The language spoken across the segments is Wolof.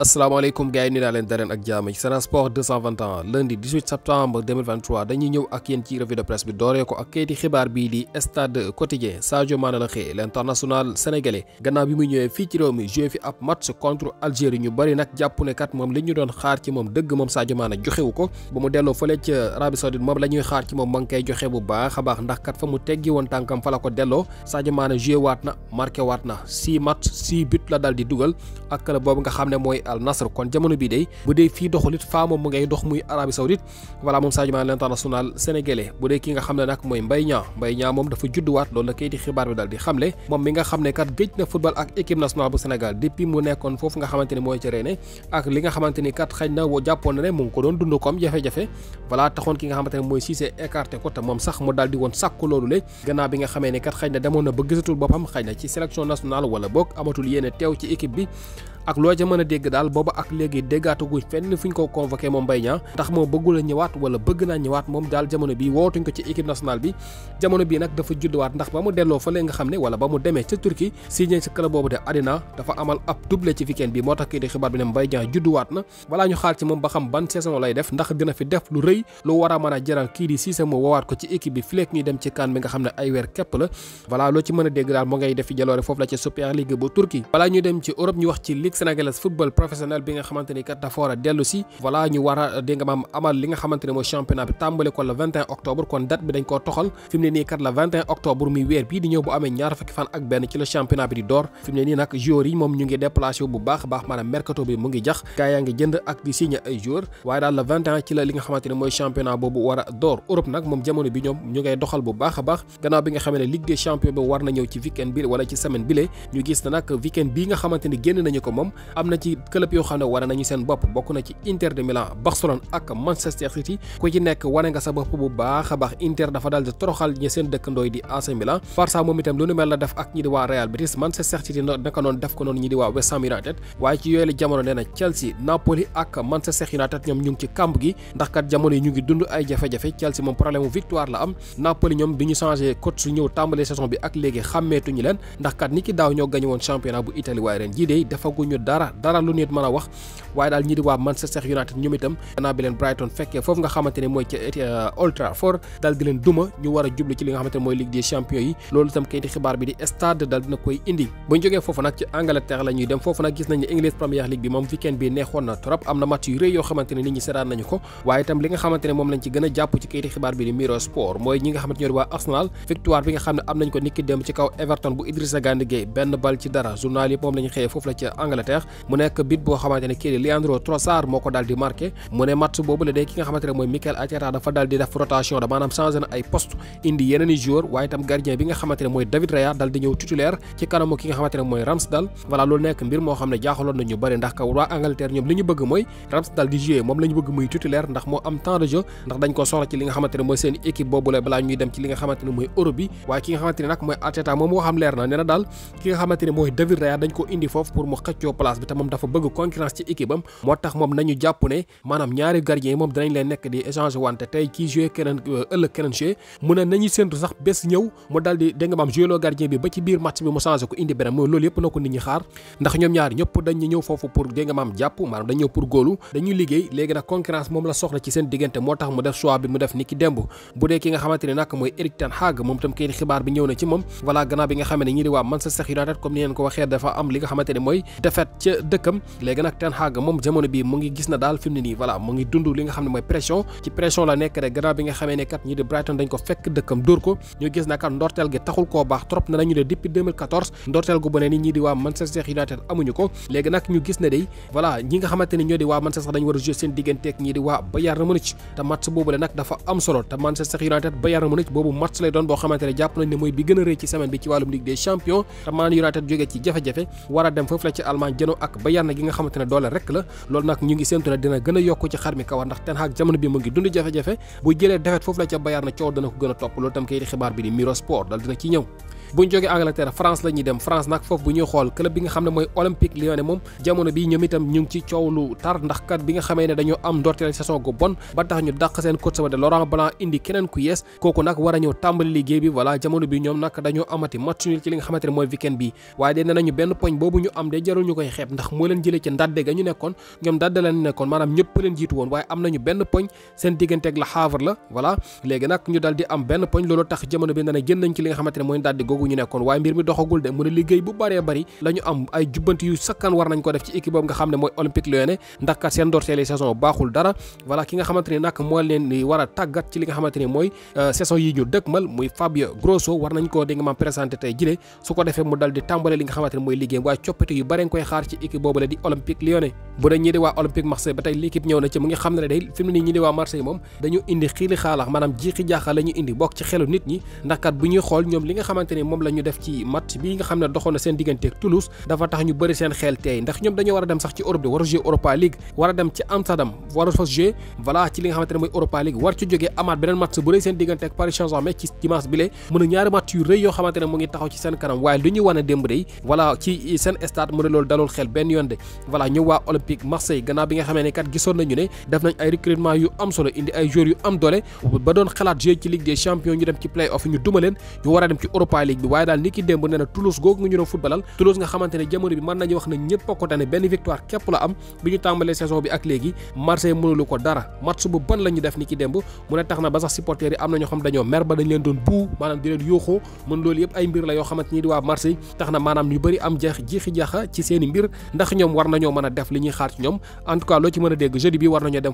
asalaamaaleykum gars yi nuyu naa leen dareen ak jaam ci Sen Sport 221 lundi 18 septembre 2023 dañuy ñëw ak yéen ci revue de presse bi dooree ko ak kayiti xibaar bii di stade quotidien Sadio Mané la xëy l'international sénégalais gannaaw bi muy ñëwee fii ci réew mi joué fi ab match contre Algérie ñu bari nag jàpp ne moom li ñu doon xaar ci moom dëgg moom Sadio Mané joxewu ko ba mu delloo fële ca Arabie Saoudite moom la ñuy xaar ci moom ma ngi koy joxe bu baax a baax ndax kat mu teggi woon tànkam fa ko delloo Sadio Mané waat na marqué waat na six match six but la dal di dugal ak la nga xam ne mooy al nasr kon jamono bi day bu dee fii doxulit famo mu ngay dox muy arabie saoudite wala mom Sadio Mané international sénégalais bu dee ki nga xamné nak moy mbay Mbaye mbay Mbaye mom dafa dafa wat lolou la di xibar bi di mi nga xamné kat gejj na football ak équipe nationale bu Sénégal depuis mu nekkoon fofu nga xamanteni moy ci réné ak li nga xamanteni kat xëy na woo jàppoon na mu ko don dund kom jafé jafé wala taxone ki nga xamanteni moy Cissé écarté ko ta mom sax mu di woon sàkku loolu le bi nga xamé né kat xëy na na ba gisatul bopam xëy na ci sélection nationale wala bok amatul yéene ci équipe bi ak loo ca mën a dégg daal booba ak léegi déggaatuguñ fenn fuñ ko convoqué moom Mbaye Niang ndax moo bëggul a ñëwaat wala bëgg naa ñëwaat moom daal jamono bi wootuñ ndax ba mu delloo fële nga xam ne wala ba mu demee ca Turquie signé ci club boobu de Adana dafa amal ab doublé ci weekend bi moo tax kii di xibaar bi ne Mbaye Niang judduwaat na balaa ñu xaar moom ba xam ban saison lay def ndax dina fi def lu rëy lu war mën a jaral kii di Cissé mu woowaat ligue sénégalaise football professionnel bi nga xamanteni kat dafa war a dellu voilà ñu wara de nga maam amal li nga xamanteni ne championnat bi tambalé ko le 21 octobre kon date bi dañ ko toxal fimné ni kat le 21 octobre mi wér bi di ñëw bu amé ñaar fakk fan ak ben ci le championnat bi di dor fimné ni nak joueur yi mom ñu ngi déplacer bu baax baax manam mercato bi mu ngi jax gaay nga jënd ak di signé ay joueur waye dal le 21 ci la li nga xamanteni ne championnat bobu wara dor Europe nak mom jamono bi ñom ñu ngay doxal bu baax baax gannaaw bi nga xamé Ligue des champions bi war na ñëw ci weekend bi wala ci semaine bi le ñu gis na nak weekend bi nga xamanteni génn nañu ko moom am na ci club yoo xam ne wane nañu seen bopp bokk na ci Inter de Milan Barcelone ak Manchester City ku ci nekk wane nga sa bopp bu baax a baax Inter dafa daal toroxal ñi seen dëkkandooy di AC Milan Barça moom itam lu nu mel la def ak ñi di waa Real Betis Manchester City naka noonu def ko noonu ñi di waa West Ham United waaye ci yooyu la jamono nee Chelsea Napoli ak Manchester United ñoom ñu ngi ci kàmb gi ndax kat jamono yi ñu ngi dund ay ñu dara lu nit mën a wax waaye daal ñi di waa Manchester United ñoom itam gannaaw bi leen Brighton fekkee foofu nga xamante mooy ca Old Trafford daal di leen duma ñu war a ci li nga xamante mooy Ligue des Champions yi loolu itam kayiti xibaar bi di stade daal dina koy indi bu ñu jógee foofu nag ci Angleterre la dem foofu nag gis nañ English Premier League bi moom weekend bi neexoon na trop am na match yu rëy yoo xamante nit ñi seetaan nañu ko waa Angleterre mu nek bit bo xamanteni ne Leandro Trossard moko daldi marqué mu ne match bobu le day ki nga xamanteni moy Mikel Arteta dafa daldi def rotation da manam changer ay poste indi yeneen joueur waye tam gardien bi nga xamanteni moy David Raya daldi ñew titulaire ci kanamu ki nga xamanteni moy Ramsdale wala lu nek mbir mo xamne ne jaaxaloon na ñu bëri ndax ka wa Angleterre ñom li ñu bëgg moy Ramsdale di jouer mom lañu bëgg moy titulaire ndax mo am temps de jeu ndax dañ ko soxla ci li nga xamanteni moy seen équipe bobu le bala ñuy dem ci li nga xamanteni moy Europe bi waye ki nga xamanteni nak moy Arteta moom xam leer na neena dal ki nga xamanteni moy David Raya dañ ko indi fof pour mu xëccio xëccoo place bi te dafa bëgg concurrence ci équipe moo tax moom nañu jàpp ne maanaam ñaari gardien moom danañ leen nekk di échanger wante tey kii joué keneen euh, ëllëg keneen joué mu ne nañu séntu sax bés ñëw mu daal di dégg loolu yëpp na ko nit ñi xaar ndax ñoom ñaari ñëpp dañu ñëw foofu pour dégg jàpp maanaam dañ pour góolu dañuy liggéey léegi nag concurrence moom la soxla ci seen diggante moo tax mu def choix bi mu def ni ki démb bu dee fet ca dëkkam ndorteel gi taxul koo baax trop ne nañu ne depuis ndorteel gu boobu match lay doon boo xamante ne jàpp nañ ne mooy bi gën a rëy ci semaine bi ci wàllum Ligue des Champions te Man United jógee ci jafe-jafe war a dem foofu la ci Allemagne temps jëno ak Bayern gi nga xamante ne doole rek la loolu nag ñu ngi séntu ne dina gën a yokk ci xar mi kawar ndax Ten Hag jamono bi mu ngi dund jafe-jafe bu jëlee defet foofu la ca Bayern coow dana ko gën a topp loolu tam kayiti xibaar bi di Mirosport dal dina ci ñëw bu ñu jógee Angleterre France la ñuy dem France nag foofu bu ñuy xool club bi nga xam ne mooy Olympique Lyonnais moom jamono bi ñoom itam ñu ngi ci coow a li nga xamante mooy weekend bi waaye benn poñ boobu ñu am de ndax moo leen jëlee ci ndadde ga ñu nekkoon ñoom ndadde la ñu nekkoon am benn poñ seen diggante ak Le Havre di am benn poñ loolu tax jamono bi nee na génn googu ñu nekkoon waaye mbir mi doxagul de mu ne liggéey bu bëree bëri la am ay jubbanti yu sakkan war nañ ko def ci équipe boobu nga xam ne mooy olympique lyonnais ndax kat seen ndorteeli saison baaxul dara voilà ki nga xamante ne nag leen ni war a tàggat ci li nga xamante mooy euh, saison yi ñu dëkkmal muy Fabio Grosso war nañ koo di nga maam présenté tey jile su ko defee mu dal di tàmbale li nga xamante mooy liggéey waaye coppite yu ba moom la def ci match bi nga xam ne doxoon seen digganteeg Toulouse dafa tax ñu bëri seen xel tey ndax ñoom dañoo war a dem sax ci Europa League war a dem ci Amsterdam war a fa jouer voilà ci li nga xamante ne mooy Europa League war ci jógee amaat beneen match bu rëy seen digganteeg Paris Saint-Germain ci dimanche bi lee mën ñaari match yu rëy yoo xamante ne mu ngi taxaw ci seen kanam waaye lu ñuy wane démb day voilà ci seen stade mu ne loolu waaye daal ni démb nee Toulouse googu nga ñu doon footballal Toulouse nga xamante jamono bi mën nañu wax ne ñëpp a ko tane benn victoire képp la am bi ñu tàmbalee saison bi ak léegi Marseille mënulu ko dara match bu bon la def ni démb mu ne tax na ba sax supporters yi am na ñoo xam dañoo mer ba dañ leen doon buu maanaam di leen yooxoo mën loolu yëpp ay mbir la yoo xamante ni di waa Marseille tax na maanaam ñu bëri am jiixi jaaxa ci a def li a dégg jeudi bi war nañoo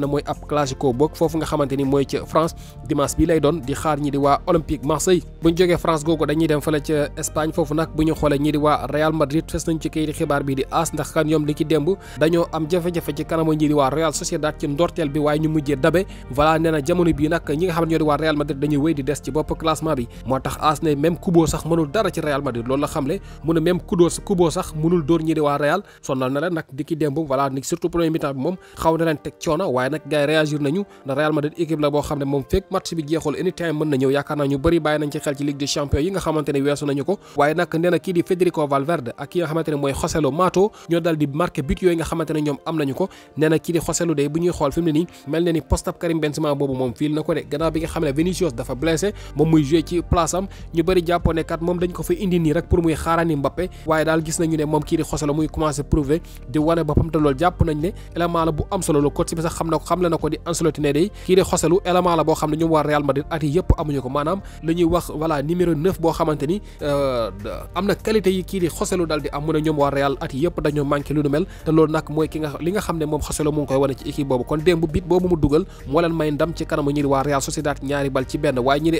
xam moy mooy ab classico bok fofu nga xamanteni moy ci France dimanche bi lay don di xaar ñi di wa Olympique Marseille bu joggé France gogo dañuy dem fele ci Espagne fofu nak buñu xolé ñi di wa Real Madrid fess nañ ci kayit xibaar bi di as ndax kan ñoom li ci dembu dañoo am jafé jafé ci kanamu ñi di wa Real Sociedad ci ndortel bi way ñu mujjé dabé voilà néna jamono bi nak ñi nga xamne ñoo di wa Real Madrid dañuy wéy di dess ci bop classement bi motax as né même Kubo sax mënul dara ci Real Madrid loolu la xamlé mënu même Kudo Kubo sax mënul door ñi di wa Real sonal na la nak di ki dembu voilà surtout premier mi-temps bi xaw na lan tek coono waye nak gars réagir nañu na Real Madrid équipe la bo xamné mom fek match bi jeexul anytime mën na ñëw yaakaar naa ñu bëri nañ ci xel ci Ligue des Champions yi nga xamante wessu nañu ko waye nak néna ki di Federico Valverde ak ki nga xamante moy mooy Joselu Mato ñoo dal di marquer but yoy nga xamante ñom am nañu ko néna ki kii di Joselu day bu ñuy xol fi ni melni ni poste ab Karim Benzema bobu mom fil nako de gëna bi nga xamné Vinicius dafa blessé mom muy jouer ci place am ñu bari jappone kat mom dañ ko fi indi ni rek pour muy xaarani Mbappé waye dal gis nañu ne mom ki di Joselu muy commencer prouver di wone bopam te loolu jàpp nañ ne élément la bu am solo lo ko ci sax xam na ko xam le na ko di Ancelotti day kii di xoselu élément la boo xam ne ñoom waa Real Madrid at yi yëpp amuñu ko maanaam li wax voilà numéro neuf boo xamante ni euh, am na qualité yi kii di xoselu daal di am mu ne ñoom waa Real at yi yëpp dañoo manqué lu nu mel te loolu nag mooy ki nga li nga xam ne moom xoselu mu ngi koy wane ci équipe boobu kon démb bit boobu mu dugal moo leen may ndam ci kanamu ñi waa Real Sociedad ñaari bal ci benn waaye ñi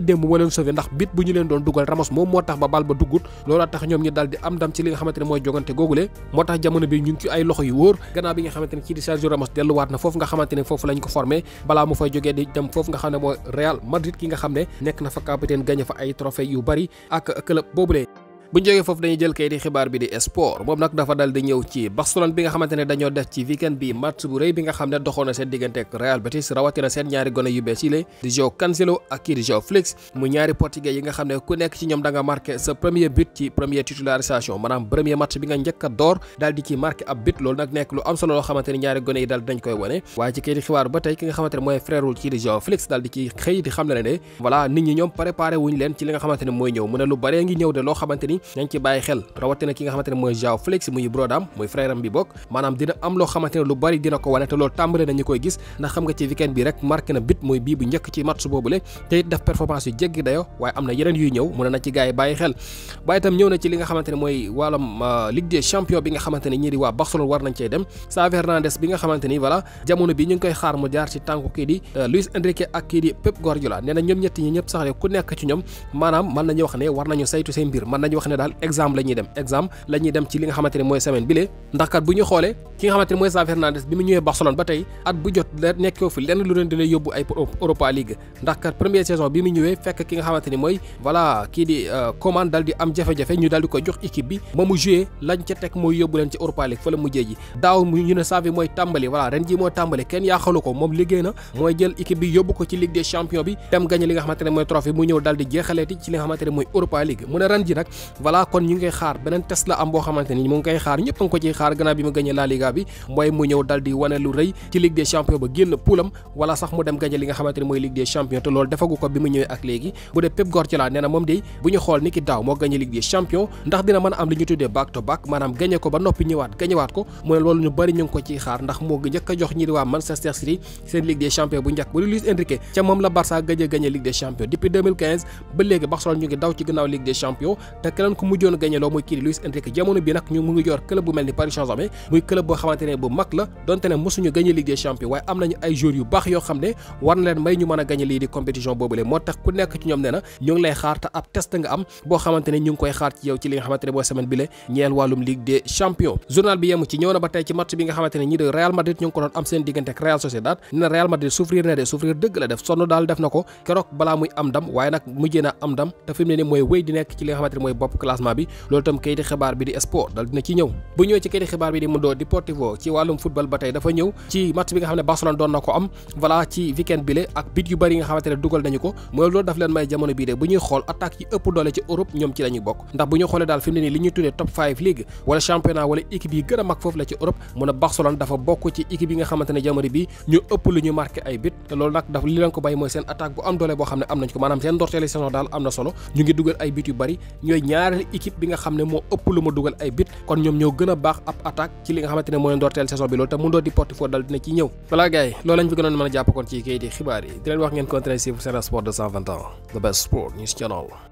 di dem moo leen sauvé ndax bit bu ñu leen doon duggal Ramos moom moo tax ba bal ba duggut loola tax ñoom ñi daldi di am dam ci li nga xamante ne mooy jogante googule moo tax jamono bi ñu ngi ci ay loxo yu wóor gannaaw bi nga xamante ne di Sergio Ramos delluwaat na foofu nga xamante ne foofu lañ ko formé balaa mu fay jógee di dem foofu nga xam ne mooy Real Madrid ki nga xam ne nekk na fa capitaine gagné fa ay trophée yu bari ak club boobulee bu ñu jógee foofu dañuy jël kayiti xibaar bi di sport moom nag dafa dal di ñëw ci Barcelone bi nga xamante dañoo def ci weekend bi match bu rëy bi nga xam ne doxoon seen diggante ak Real Betis rawatina seen ñaari gone yu bees yi di João Cancelo ak kii di João Félix mu ñaari portugais yi nga xam ne ku nekk ci ñoom da nga sa premier but ci première titularisation maanaam premier match bi nga njëkk a door daal di ci marqué ab but loolu nekk lu am solo loo xamante ne ni nañ ci bàyyi xel na ki nga xamantene moy Jao Flex muy Brodam muy frère am bi bok manam dina am lo xamantene lu bari dina ko wone te lol tambalé nañ koy gis ndax xam nga ci weekend bi rek marqué na bit moy bi bu ñëk ci match boobule te it def performance yu jéggi dayo waye amna na yeneen yu ñëw mu na ci gaay yi xel waaye tam ñëw na ci li nga xamantene moy walam euh, Ligue des Champions bi nga xamantene ñi di wa Barcelone war nañ cey dem Sa bi nga xamantene voilà jamono bi ñu ngi koy xaar mu jaar ci tanku ki di euh, Luis Enrique ak ki di Pep Guardiola néna ñom ñet ñi ñëpp sax ku nekk ci ñom manam man nañ wax né war nañu saytu seen bir man nañ wax ne daal exemple la ñuy dem exemple la ñuy dem ci li nga xamante ne mooy semaine bi lee ndax kat bu ñu xoolee ki nga xamante ne mooy Xavi Hernandez bi mu ñëwee Barcelone ba tey at bu jot la nekkoo fi lenn lu leen dina yóbbu ay Europa League ndax kat première saison bi mu ñëwee fekk ki nga xamante ni mooy voilà kii di commande euh, dal di am jafe-jafe ñu dal di koy jox équipe bi ba mu joué lañ ca teg mooy yóbbu leen ci Europa League fa la mujjee ji daaw ñu ne Xavi mooy tàmbali voilà ren ji mooy tàmbali kenn yaa xalu ko moom liggéey na mooy jël équipe bi yóbbu ko ci Ligue des champions bi dem gagné li nga xamante ne mooy trophée mu ñëw dal di jeexaleeti ci li nga xamante ne mooy Europa League mu ne ren ji nag voilà kon ñu ngi koy xaar beneen Tesla am boo xamante ni mu ngi koy xaar ñëpp a ngi ko ciy xaar gannaaw bi mu gagné La Liga bi mooy mu ñëw dal di wane lu rëy ci Ligue des champions ba génn wala sax mu dem gagné li xamante ni mooy Ligue des champions te loolu defagu ko bi mu ñëwee ak léegi bu de bu a am li ñu tuddee ba a jox ñi di waa Manchester léegi Barcelone ñu ngi daw ci gannaaw Ligue des champions te lan moo tax ku nekk ci ñoom ne na ngi lay xaar te ab test nga am boo xamante ne ñu ngi koy xaar ci yow ci li nga xamante ne boo semaine bi la ñeel wàllum Ligue des Champions journal bi yemu ci ñëw na ba tey ci match bi nga xamante ne ñi de Real Madrid ñu ngi ko doon am seen diggante ak Real Sociedad ne Real Madrid souffrir na de souffrir dëgg la def sonn daal def na ko keroog balaa muy am ndam waaye nag mujjee na am ndam te fi ne ni mooy wéy classement bi loolu itam kayiti xibaar bi di sport dal dina ci ñëw bu ñëwee ci kayiti xibaar bi di Mundo Deportivo ci wàllum football ba tey dafa ñëw ci match bi nga xam doon na bi ñu ëpp lu ñu marqué ay bit loolu nag daf li leen ko bàyyi mooy seen attaque bu am doole boo xam ne am nañ ko maanaam seen ndorteeli saison daal am na solo ñu ngi dugal ay bit yu bëri ñooy ñaar ñaareelu équipe bi nga xam ne moo ëpp lu ma dugal ay bit kon ñoom ñoo gën a baax ab attaque ci li nga xamante ne mooy ndorteel saison bi loolu te mu doon di portifo dal dina ci ñëw voilà gars yi loolu lañ fi gënoon mën a jàpp kon ci kayit yi xibaar yi di leen wax ngeen contre suivre Sen Sport de 120 ans the best sport news channel